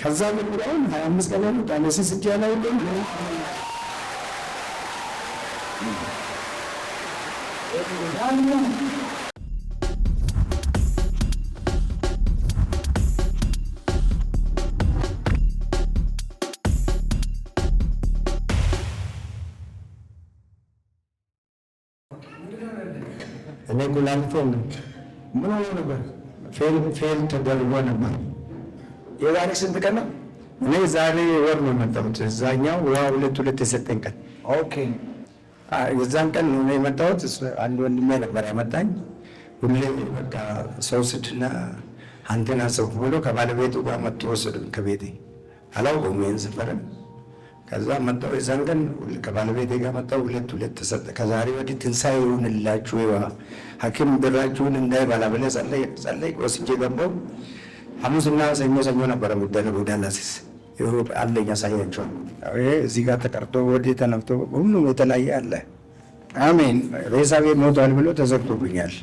ከዛ ጀምሮውን ሀያ አምስት ቀን ያሉት ዳይሊሲስ እጅ ላይ እኔ ጉላሊቴን ምን ሆኖ ነበር? ፌል ተደርጎ ነበር። የዛሬ ስንት ቀን ነው? እኔ ዛሬ ወር ነው የመጣሁት። እዛኛው ውሃ ሁለት ሁለት የሰጠኝ ቀን ኦኬ። የዛን ቀን ነው የመጣሁት። አንድ ወንድሜ ነበር ያመጣኝ። ሁሌም በቃ ሰው ስድና አንተና ሰው ብሎ ከባለቤቱ ጋር መጥቶ ወሰዱኝ ከቤቴ። አላውቀውም ይህን ስፈረ ከዛ መጣሁ። የዛን ቀን ከባለቤቴ ጋር መጣሁ። ሁለት ሁለት ተሰጠ። ከዛሬ ወዲህ ትንሣኤ ይሁንላችሁ፣ ሐኪም ብራችሁን እንዳይበላ ብለህ ጸለይ። ወስጄ ገባሁ ሐሙስና ሰኞ ሰኞ ነበረ የሚደረገው ዳላሲስ አለኝ ያሳያቸዋል። እዚህ ጋር ተቀርቶ ወዲህ ተነፍቶ ሁሉም የተለያየ አለ። አሜን ሬሳቤ ሞቷል ብሎ ተዘግቶብኛል።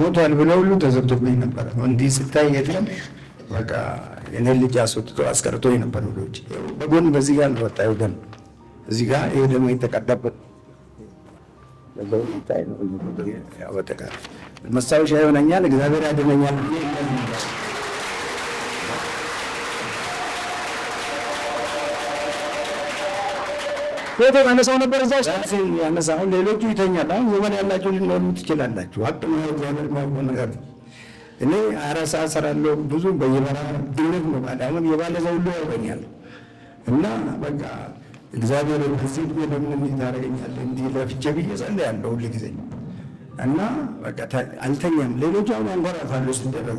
ሞቷል ብሎ ሁሉ ተዘግቶብኝ ነበረ። እንዲህ ስታይ የለም በቃ እኔ ልጅ አስወጥቶ አስቀርቶ የነበር ልጅ በጎን በዚህ ጋር ወጣ ደም እዚህ ጋር ይሄ ደግሞ የተቀዳበት መሳዮሻ ይሆነኛል፣ እግዚአብሔር ያድነኛል። ቤት ያነሳው ነበር እዛ ያነሳ። አሁን ሌሎቹ ይተኛል። አሁን ዘመን ያላቸው ሊኖሩ ትችላላችሁ። ሀቅ እግዚአብሔር ማቆም ነገር ነው። እኔ አረሳ ሰራለሁ ብዙ በየበራ ድነት ነው ባለ አሁን የባለ ሰው ሁሉ ያውቀኛል። እና በቃ እግዚአብሔር በዚህ ደግሞ እንዲህ ታደርገኛለህ እንዲህ ለፍቼ ብዬ ጸለ ያለው ጸልያለሁ ሁልጊዜ እና አልተኛም። ሌሎች አሁን ያንኮራፋሉ ሲደረጉ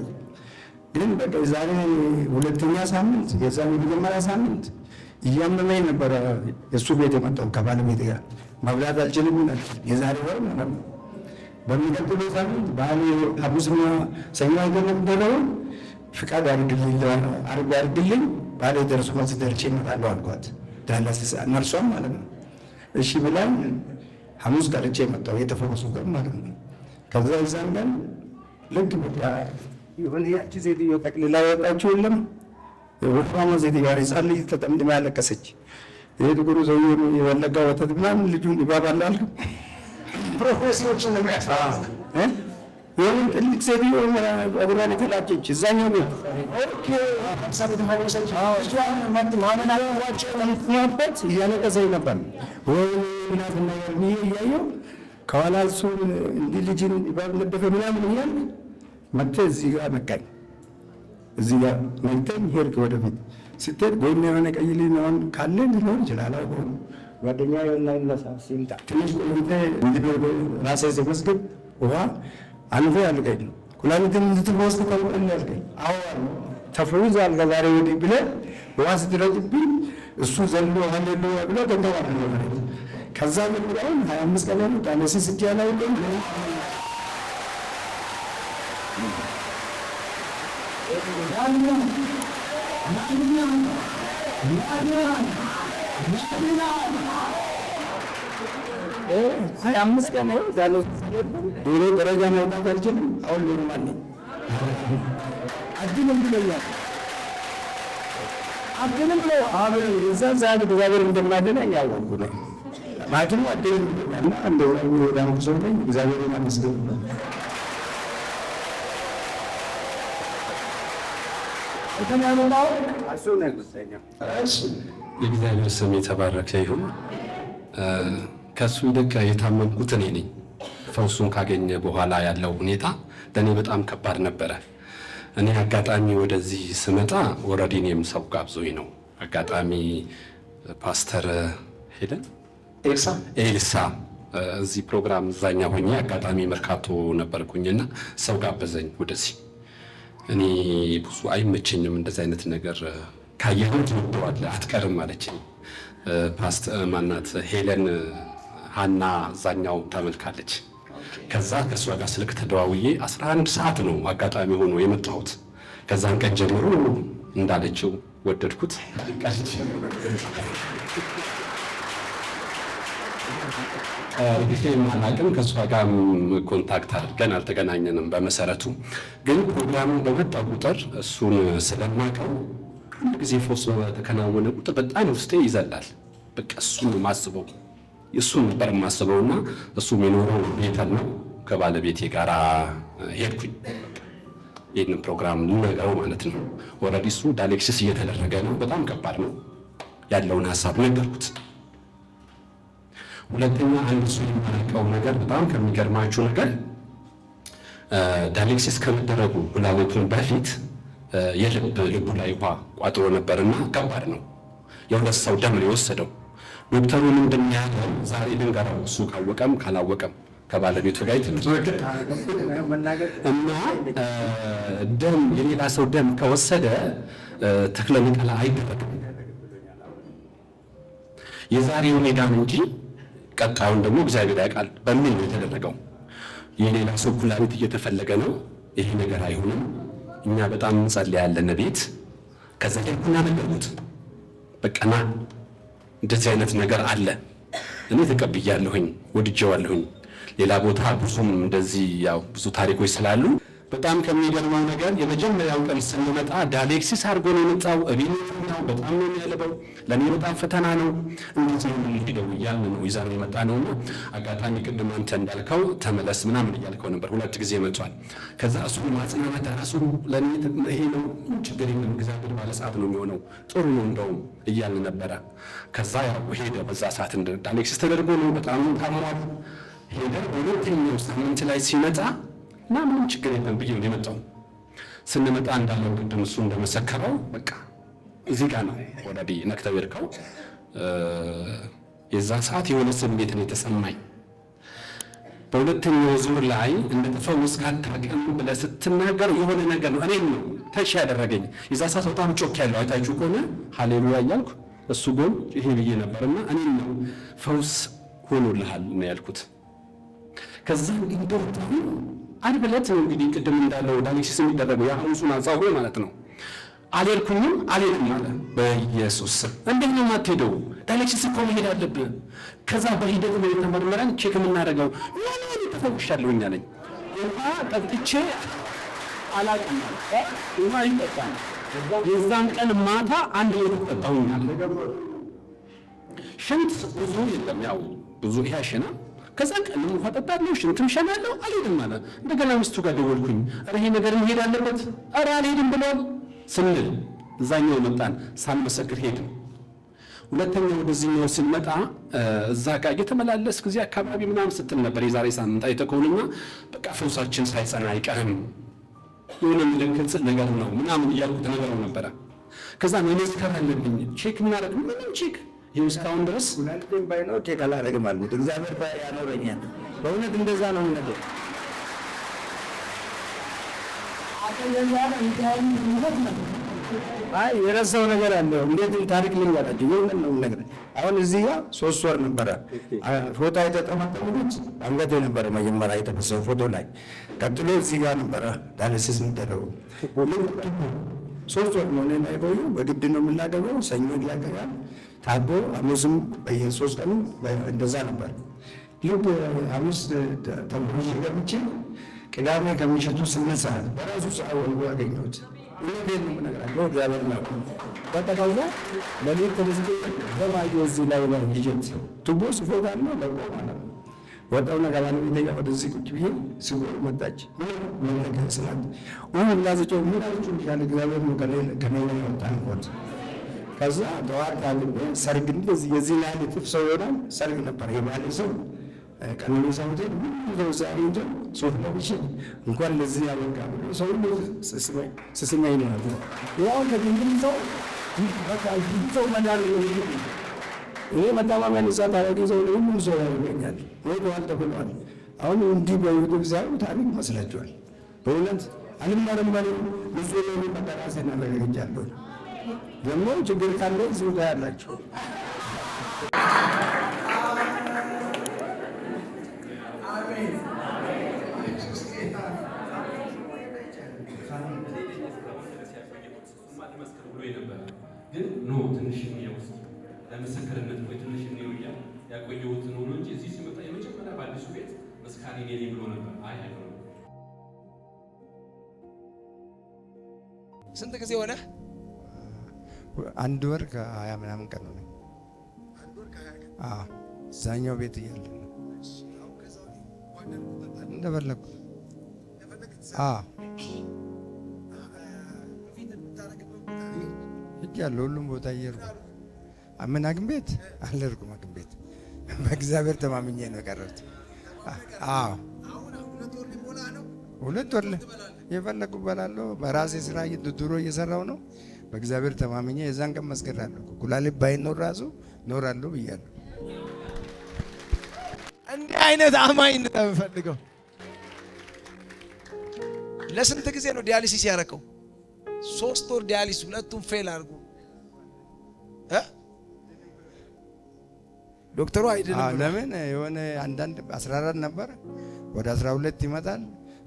ግን በቃ የዛሬ ሁለተኛ ሳምንት የዛሬ የመጀመሪያ ሳምንት እያመመኝ ነበረ። የእሱ ቤት የመጣው ከባለቤት ጋር መብላት አልችልም። ነ የዛሬ ወር በሚቀጥለው ሳምንት በዓል ሐሙስና ሰኞ ሀገር የሚደረውን ፍቃድ አርግልኝ አርግ አርግልኝ ባለ ደርሶ መስደርቼ ይመጣለሁ አልኳት። ዳላስ ነርሷም ማለት ነው እሺ ብላኝ ሐሙስ ቀርቼ የመጣው የተፈወሱ ቀን ማለት ነው። ከዛ እዛን ቀን ልክ በቃ የሆነ ያቺ ሴትዮ ጠቅልላ ያወጣችው የለም ወፋማ ሴትዮዋ ሕፃን ልጅ ተጠምድማ ያለቀሰች ይሄ ጥቁሩ ሰውዬ የወለጋ ወተት ምናምን ልጁን ይባባ አላልክም? ፕሮፌሲዎችን ነው የሚያሳ የሆነ ትልቅ ሴትዮ ጉራን የተላጨች እዛኛው ቤት ማመናቸውበት እያለቀሰኝ ነበር ወይ የሚላትን ነገር ይሄ እያየው ከኋላ እሱ እንዲህ ልጅን ባብ ነደፈ ምናምን እያል መጥተህ እዚህ ጋር መካኝ እዚህ ጋር መግተኝ ሄድክ። ወደፊት ስትሄድ ጎን የሆነ ቀይ ሊሆን ካለ ሊኖር ይችላል። አልሆኑ ጓደኛ የሆና ይነሳ ሲምጣ ትንሽ ቆይተ እንዲኖር ራሴ ሲመስግብ ውሃ አንፌ አልቀኝ ኩላሊትን እንድትወስድ ተውቀን ያልቀኝ አዎ ተፈዊዝ አልጋ ዛሬ ወዲህ ብለህ ውሃ ስትረጭብኝ እሱ ዘሎ ሀሌሉ ብሎ ተንተባለ ከዛ ምንሁን ሀያ አምስት ቀበሌ ዳነሲስ እጃላይልም ሀያ አምስት ቀን ዶሮ ደረጃ መውጣት አልችልም። አሁን ዶሮ ማነኝ አድል እንድለኛል አድልም ብለው አብረን እዛ ዛግ እግዚአብሔር እንደማደናኝ ያወቁ ነው። ማለትም ወደ እና እንደ ወደ አንኩሶ ላይ እግዚአብሔር አመስገን የእግዚአብሔር ስም የተባረከ ይሁን። ከእሱ ይልቅ የታመምኩት እኔ ነኝ። ፈውሱን ካገኘ በኋላ ያለው ሁኔታ ለእኔ በጣም ከባድ ነበረ። እኔ አጋጣሚ ወደዚህ ስመጣ ወረዲኔም የምሰው ጋብዞኝ ነው አጋጣሚ ፓስተር ሄደን ኤልሳ ኤልሳ እዚህ ፕሮግራም እዛኛ ሆኜ አጋጣሚ መርካቶ ነበርኩኝና ሰው ጋበዘኝ ወደዚህ። እኔ ብዙ አይመቸኝም እንደዚህ አይነት ነገር ካየሁት ትወደዋለ አትቀርም አለችኝ። ፓስት ማናት ሄለን ሀና እዛኛው ታመልካለች። ከዛ ከእሷ ጋር ስልክ ተደዋውዬ 11 ሰዓት ነው አጋጣሚ ሆኖ የመጣሁት። ከዛን ቀን ጀምሮ እንዳለችው ወደድኩት። ጊዜ ማላቅም ከእሷ ጋር ኮንታክት አድርገን አልተገናኘንም። በመሰረቱ ግን ፕሮግራሙ በመጣ ቁጥር እሱን ስለማቀው አንድ ጊዜ ፎሶ በተከናወነ ቁጥር በጣም ውስጤ ይዘላል። በቃ እሱን ማስበው እሱን ነበር የማስበው እና እሱ የሚኖረው ቤተል ነው። ከባለቤቴ ጋር ሄድኩኝ ይህን ፕሮግራም ልነገረው ማለት ነው። ወረዲ እሱ ዳሌክሲስ እየተደረገ ነው። በጣም ከባድ ነው ያለውን ሀሳብ ነገርኩት። ሁለተኛ አንድ እሱ የሚመረቀው ነገር በጣም ከሚገርማችሁ ነገር ዳሌክሲስ ከመደረጉ ብላሎቱን በፊት የልብ ልቡ ላይ ውሃ ቋጥሮ ነበር እና ከባድ ነው። የሁለት ሰው ደም የወሰደው። ዶክተሩ ምንድን ያለው ዛሬ ልንገራው፣ እሱ ካወቀም ካላወቀም ከባለቤቱ ጋር እና ደም የሌላ ሰው ደም ከወሰደ ተክለ ነቀላ አይደረግም። የዛሬውን ሄዳን እንጂ ቀጣዩን ደግሞ እግዚአብሔር ያውቃል በሚል ነው የተደረገው። የሌላ ሰው ኩላሊት እየተፈለገ ነው። ይሄ ነገር አይሆንም። እኛ በጣም እንጸልያለን ቤት። ከዛ ሄድኩና ነገርኩት። በቀና እንደዚህ አይነት ነገር አለ። እኔ ተቀብያለሁኝ፣ ወድጀዋለሁኝ። ሌላ ቦታ ብዙም እንደዚህ ያው ብዙ ታሪኮች ስላሉ በጣም ከሚገርመው ነገር የመጀመሪያው ቀን ስንመጣ ዳሌክሲስ አድርጎ ነው የመጣው። እቤት ነው በጣም ነው የሚያለበው። ለእኔ በጣም ፈተና ነው። እንዴት ነው የምንሄደው እያልን ነው ይዘነው የመጣ ነውና፣ አጋጣሚ ቅድም አንተ እንዳልከው ተመለስ ምናምን እያልከው ነበር። ሁለት ጊዜ መጥቷል። ከዛ እሱ ማጽናናት ራሱ ለእኔ ይሄ ነው ችግር የለም እግዚአብሔር ባለሰዓት ነው የሚሆነው ጥሩ ነው እንደውም እያልን ነበረ። ከዛ ያው ሄደ። በዛ ሰዓት እንደ ዳሌክሲስ ተደርጎ ነው በጣም ታምሯል። ሄደ። በሁለተኛው ሳምንት ላይ ሲመጣ እና ምንም ችግር የለም ብዬ ነው የመጣው። ስንመጣ እንዳለው ቅድም እሱ እንደመሰከረው በቃ እዚህ ጋር ነው ወረዲ ነክተው ይርከው። የዛ ሰዓት የሆነ ስሜት ነው የተሰማኝ። በሁለተኛው ዙር ላይ እንደተፈወስ ጋር ታገም ብለህ ስትናገር የሆነ ነገር ነው እኔም ነው ተሽ ያደረገኝ። የዛ ሰዓት በጣም ጮክ ያለው አይታችሁ ከሆነ ሀሌሉያ እያልኩ እሱ ጎን ይሄ ብዬ ነበርና እኔም ነው ፈውስ ሆኖልሃል ነው ያልኩት። ከዛ ግን አርብ ዕለት ነው እንግዲህ ቅድም እንዳለው ዳሊሲስ የሚደረገው የሐሙሱን አንጻሩ ማለት ነው። አልሄድኩኝም አልሄድም አለ በኢየሱስ እንዴት ነው የማትሄደው? ዳሊሲስ እኮ መሄድ አለብህ። ከዛ በሂደት ነው የተመርመረን ቼክ የምናደርገው። ምን ተፈውሻለሁ አለኝ። ውሃ ጠጥቼ አላውቅም። ውሃ ይጠጣል። የዛን ቀን ማታ አንድ ሌት ጠጣሁኛል። ሽንት ብዙ የለም ያው ብዙ ይሄ ሽና ከዛ ቀን ውሃ ጠጣለሁ፣ ሽንትም ሸናለሁ፣ አልሄድም አለ። እንደገና ሚስቱ ጋር ደወልኩኝ። ኧረ ይሄ ነገር መሄድ አለበት፣ ኧረ አልሄድም ብለዋል ስንል እዛኛው መጣን፣ ሳንመሰክር ሄድን። ሁለተኛው ወደዚህኛው ስንመጣ እዛ ጋር እየተመላለስክ እዚህ አካባቢ ምናምን ስትል ነበር የዛሬ ሳምንት አይተከውንና በቃ ፈውሳችን ሳይጸና አይቀርም የሆነ ምልክት ነገር ነው ምናምን እያልኩት ነገረው ነበረ። ከዛ መመስከር አለብኝ ቼክ እናደርግ ምንም ቼክ ይኸው እስካሁን ድረስ ሁለቱም ባይኖር ቴክ አላደርግም አልኩት። እግዚአብሔር ያኖረኛል። በእውነት እንደዛ ነው ነገር አይ የረሳው ነገር አለ። እንዴት ታሪክ ልንገራችሁ ነው ነገር አሁን እዚህ ጋር ሶስት ወር ነበረ ፎቶ የተጠመጠሙት አንገት የነበረ መጀመሪያ የተፈሰው ፎቶ ላይ ቀጥሎ እዚህ ጋር ነበረ ዳለሲስ የሚደረጉ ሶስት ወር ነው የማይቆዩ በግድ ነው የምናገረው። ሰኞ ይላገራል ታቦ ሐሙስም በየሶስት ቀኑ እንደዛ ነበር። ልክ ሐሙስ ተንብሮች ገብቼ ቅዳሜ ከምሽቱ ስምንት ሰዓት በራሱ ሰዓት ወልጎ አገኘሁት። እውነቴን ነው የምነግራቸው እግዚአብሔር ነው። በጠቃዛ ለሌት ተደስቶ በማየ እዚህ ላይ ነው ልጀት ቱቦ ስፎታ ነው ለቆ ማለት ነው ወጣውና ጋባን ይተኛ ወደዚህ ቁጭ ብዬ ሲጎር መጣች። ምን መነገር ስላት ወይ እንዳዘጮ ምን አልችል ይሻል እግዚአብሔር ነው ከላይ ከላይ ያወጣን ከዛ ጠዋት አልቤ ሰርግ እንደዚህ የዚህ ላይ ትፍ ሰው ይሆናል። ሰርግ ነበር የባሌ ሰው ቀነኒ ሆቴል ሁሉ ሰው ሲያገኝ ሱፍ ለብሼ እንኳን ለዚህ ያበቃ ሰው ሁሉ ስስመኝ ነው ያለ ያው ከግንግል ሰው በቃ ሰው መዳን ነው ይሄ መተማመን እዛ ታረቂ ሰው ሁሉም ሰው ያገኛል። ወይ በዋል ተብለዋል። አሁን እንዲህ በዩቱብ ሲያዩ ታሪክ መስላችኋል። በእውነት አልመረመሪ ብዙ ሆኑ በጠራሴ ናረጋግጫለሁ። ደግሞ ችግር ካለ እዚሁ ያላቸው ለምስክርነት ቆይ ትንሽ እንየውያል ያቆየሁትን ሆኖ እንጂ እዚህ ሲመጣ የመጀመሪያ በአዲሱ ቤት መስካሪ የኔ ብሎ ነበር። አይ አይሆነ ስንት ጊዜ ሆነ? አንድ ወር ከሀያ ምናምን ቀን ነው። እዛኛው ቤት እያለ ነው እጅ ያለ ሁሉም ቦታ እየሄድኩ አመና ግን ቤት አልደርኩም። አግን ቤት በእግዚአብሔር ተማምኜ ነው የቀረሁት። አዎ ሁለት ወር የፈለጉ እበላለሁ። በራሴ ስራ ድሮ እየሰራው ነው። በእግዚአብሔር ተማምኜ የዛን ቀን መስገዳለሁ። ኩላሊት ባይኖር ራሱ ኖራለሁ ብያለሁ። እንዲህ አይነት አማኝ ነው የምፈልገው። ለስንት ጊዜ ነው ዲያሊሲስ ያረከው? ሶስት ወር ዲያሊስ፣ ሁለቱም ፌል አድርጉ ዶክተሩ አይደለም። ለምን የሆነ አንዳንድ 14 ነበር ወደ 12 ይመጣል።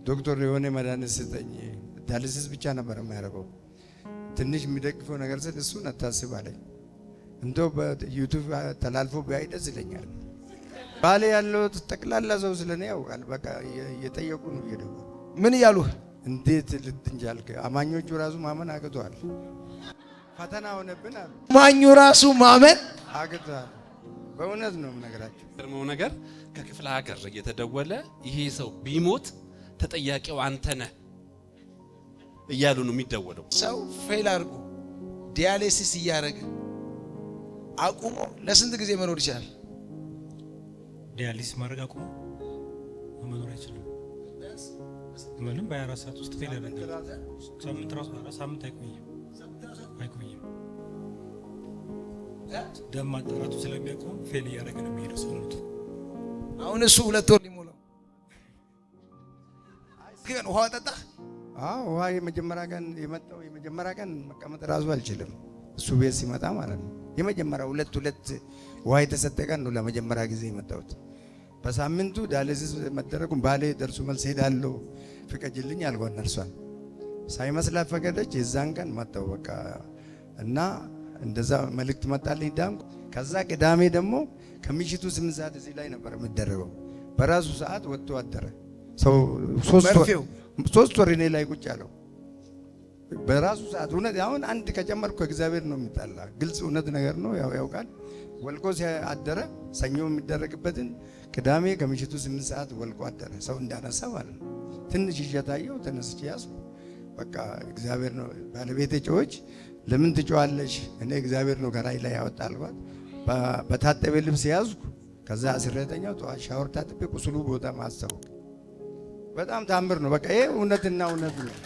ዶክተር የሆነ መድኃኒት ስጠኝ። ዳልስስ ብቻ ነበር የሚያደርገው። ትንሽ የሚደግፈው ነገር ስል እሱን አታስብ አለኝ። እንደው በዩቱብ ተላልፎ ቢያይ ደስ ይለኛል። ባሌ ያለው ጠቅላላ ሰው ስለኔ ያውቃል። በቃ እየጠየቁ ነው እየደጉ ምን እያሉ እንዴት ልትንጃልክ አማኞቹ ራሱ ማመን አግቷል። ፈተና ሆነብን አሉ። አማኙ ራሱ ማመን አግቷል። በእውነት ነው የምነግራቸው። የሚገርመው ነገር ከክፍለ ሀገር እየተደወለ ይሄ ሰው ቢሞት ተጠያቂው አንተ ነህ እያሉ ነው የሚደወለው። ሰው ፌል አድርጎ ዲያሌሲስ እያደረገ አቁሞ ለስንት ጊዜ መኖር ይችላል? ዲያሊስ ማድረግ አቁሞ መኖር አይችልም። ምንም በ24 ሰዓት ውስጥ ፌል ያደርጋል። ሳምንት ራሱ ሳምንት አይቆይም አይቆይም ደም ማጣራቱ ስለሚያውቀው ፌል እያደረገ ነው የሚሄደው ሰውነቱ። አሁን እሱ ሁለት ወር ሊሞላው ግን ውሃ ጠጣ። ውሃ የመጀመሪያ ቀን የመጣው የመጀመሪያ ቀን መቀመጥ ራሱ አልችልም። እሱ ቤት ሲመጣ ማለት ነው። የመጀመሪያ ሁለት ሁለት ውሃ የተሰጠ ቀን ነው ለመጀመሪያ ጊዜ የመጣሁት። በሳምንቱ ዳያሊሲስ መደረጉን ባሌ ደርሶ መልስ ሄዳለሁ ፍቀጅልኝ አልኳት። ነርሷን ሳይመስላት ፈቀደች። የዛን ቀን መጣሁ በቃ እና እንደዛ መልእክት መጣልኝ ዳም። ከዛ ቅዳሜ ደግሞ ከምሽቱ ስምንት ሰዓት እዚህ ላይ ነበር የምደረገው በራሱ ሰዓት ወጥቶ አደረ። ሶስት ወር እኔ ላይ ቁጭ አለው በራሱ ሰዓት። እውነት አሁን አንድ ከጨመርኩ እግዚአብሔር ነው የሚጣላ ግልጽ እውነት ነገር ነው። ያው ያውቃል ወልቆ ሲያደረ ሰኞ የሚደረግበትን ቅዳሜ ከምሽቱ ስምንት ሰዓት ወልቆ አደረ። ሰው እንዳነሳ ማለት ነው። ትንሽ እሸታየሁ ተነስቼ ያዝኩ። በቃ እግዚአብሔር ነው ባለቤቴ ጨዎች ለምን ትጮዋለሽ? እኔ እግዚአብሔር ነው ከራይ ላይ ያወጣ አልኳት። በታጠቤ ልብስ ያዝኩ። ከዛ አስረተኛው ጠዋት ሻወር ታጥቤ ቁስሉ ቦታ ማሰሩ በጣም ታምር ነው። በቃ ይሄ እውነትና እውነት ነው።